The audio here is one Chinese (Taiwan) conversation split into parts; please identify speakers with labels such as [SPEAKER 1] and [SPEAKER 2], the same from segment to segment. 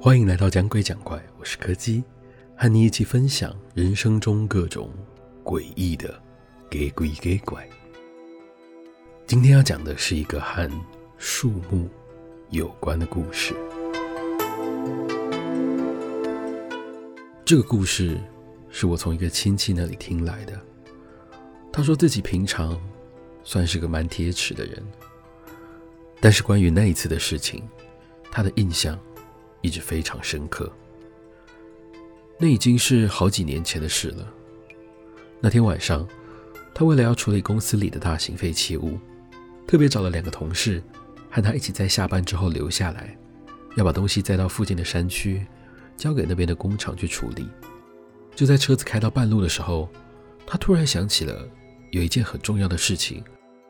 [SPEAKER 1] 歡迎來到講鬼講怪，我是柯基，和你一起分享人生中各種詭異的鬼鬼怪怪。今天要講的是一個和樹木有關的故事。這個故事是我從一個親戚那裡聽來的。他說自己平常算是個蠻鐵齒的人，但是關於那一次的事情，他的印象一直非常深刻。那已經是好幾年前的事了。那天晚上，他為了要處理公司裡的大型廢棄物，特別找了兩個同事，和他一起在下班之後留下來，要把東西載到附近的山區，交給那邊的工廠去處理。就在車子開到半路的時候，他突然想起了。有一件很重要的事情，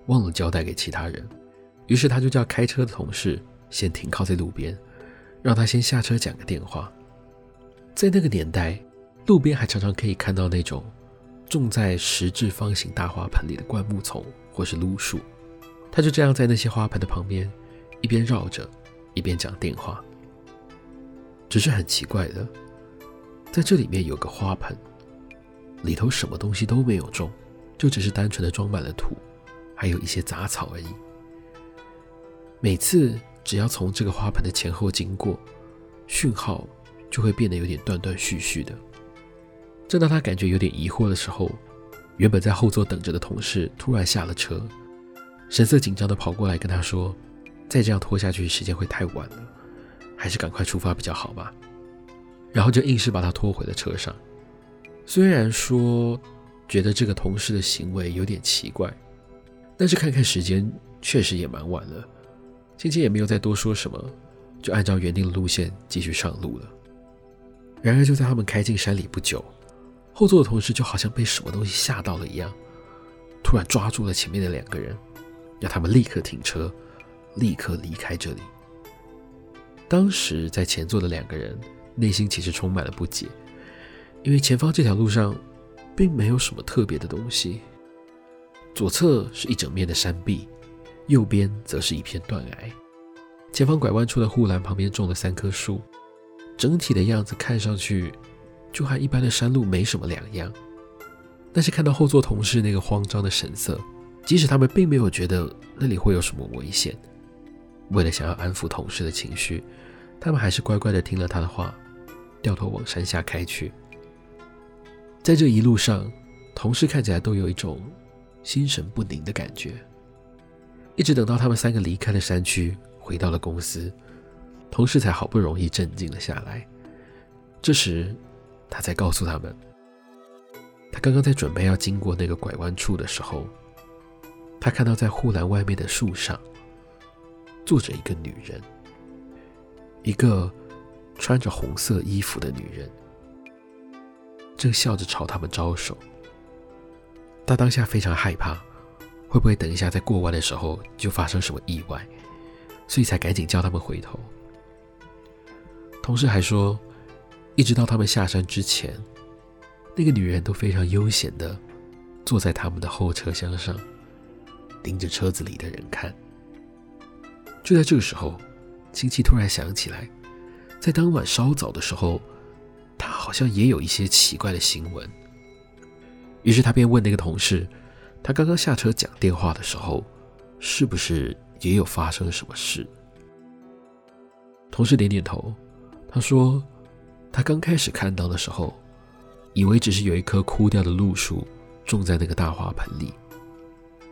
[SPEAKER 1] 忘了交代給其他人，於是他就叫開車的同事先停靠在路邊，讓他先下車講個電話。在那個年代，路邊還常常可以看到那種種在石質方形大花盆裡的灌木叢或是擼樹。他就這樣在那些花盆的旁邊，一邊繞着，一邊講電話。只是很奇怪的，在這裡面有個花盆，裡頭什麼東西都沒有種。就只是單純的裝滿了土，還有一些雜草而已。每次只要從這個花盆的前後經過，訊號就會變得有點斷斷續續的。正當他感覺有點疑惑的時候，原本在後座等着的同事突然下了車，神色緊張地跑過來跟他說：“再這樣拖下去，時間會太晚了，還是趕快出發比較好吧。”然後就硬是把他拖回了車上。雖然說，覺得這個同事的行為有點奇怪，但是看看時間，確實也蠻晚了。青青也沒有再多說什麼，就按照原定的路線繼續上路了。然而，就在他們開進山裡不久，後座的同事就好像被什麼東西嚇到了一樣，突然抓住了前面的兩個人，讓他們立刻停車，立刻離開這裡。當時在前座的兩個人內心其實充滿了不解，因為前方這條路上。並沒有什麼特別的東西。左側是一整面的山壁，右邊則是一片斷崖。前方拐彎處的護欄旁邊種了三棵樹，整體的樣子看上去就和一般的山路沒什麼兩樣。但是看到後座同事那個慌張的神色，即使他們並沒有覺得那裡會有什麼危險，為了想要安撫同事的情緒，他們還是乖乖地聽了他的話，掉頭往山下開去。在這一路上，同事看起來都有一種心神不寧的感覺。一直等到他們三個離開了山區，回到了公司，同事才好不容易鎮靜了下來。這時，他才告訴他們，他剛剛在準備要經過那個拐彎處的時候，他看到在護欄外面的樹上坐着一個女人，一個穿着紅色衣服的女人。正笑着朝他們招手，他當下非常害怕，會不會等一下在過彎的時候就發生什麼意外，所以才趕緊叫他們回頭。同事還說，一直到他們下山之前，那個女人都非常悠閒的坐在他們的後車廂上，盯着車子裡的人看。就在這個時候，親戚突然想起來，在當晚稍早的時候，他好像也有一些奇怪的新聞，於是他便問那個同事：“他剛剛下車講電話的時候，是不是也有發生什麼事？”同事點點頭，他說：“他剛開始看到的時候，以為只是有一棵枯掉的綠樹種在那個大花盆裡，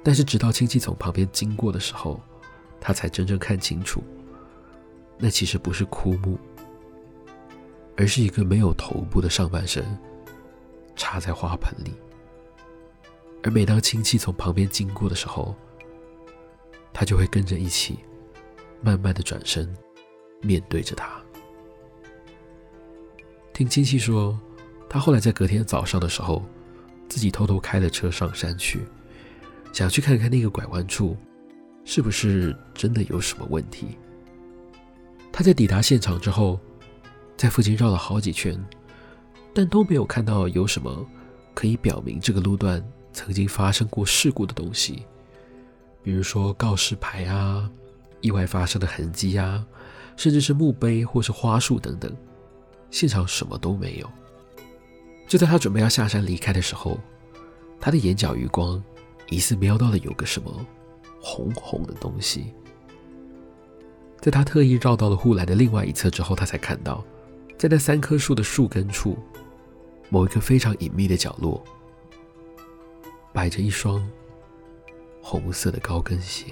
[SPEAKER 1] 但是直到親戚從旁邊經過的時候，他才真正看清楚，那其實不是枯木。”而是一個沒有頭部的上半身，插在花盆裡。而每當親戚從旁邊經過的時候，他就會跟着一起，慢慢的轉身，面對着他。聽親戚說，他後來在隔天早上的時候，自己偷偷開了車上山去，想去看看那個拐彎處，是不是真的有什麼問題。他在抵達現場之後，在附近繞了好幾圈，但都沒有看到有什麼可以表明這個路段曾經發生過事故的東西，比如說告示牌啊、意外發生的痕跡啊，甚至是墓碑或是花束等等，現場什麼都沒有。就在他準備要下山離開的時候，他的眼角餘光疑似瞄到了有個什麼紅紅的東西。在他特意繞到了護欄的另外一側之後，他才看到。在那三棵樹的樹根處，某一個非常隱祕的角落，擺着一雙紅色的高跟鞋。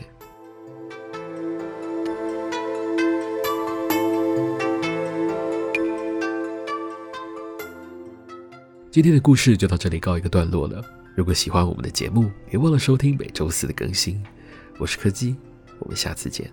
[SPEAKER 1] 今天的故事就到這裡告一個段落了。如果喜歡我們的節目，別忘了收聽每周四的更新。我是柯基，我們下次見。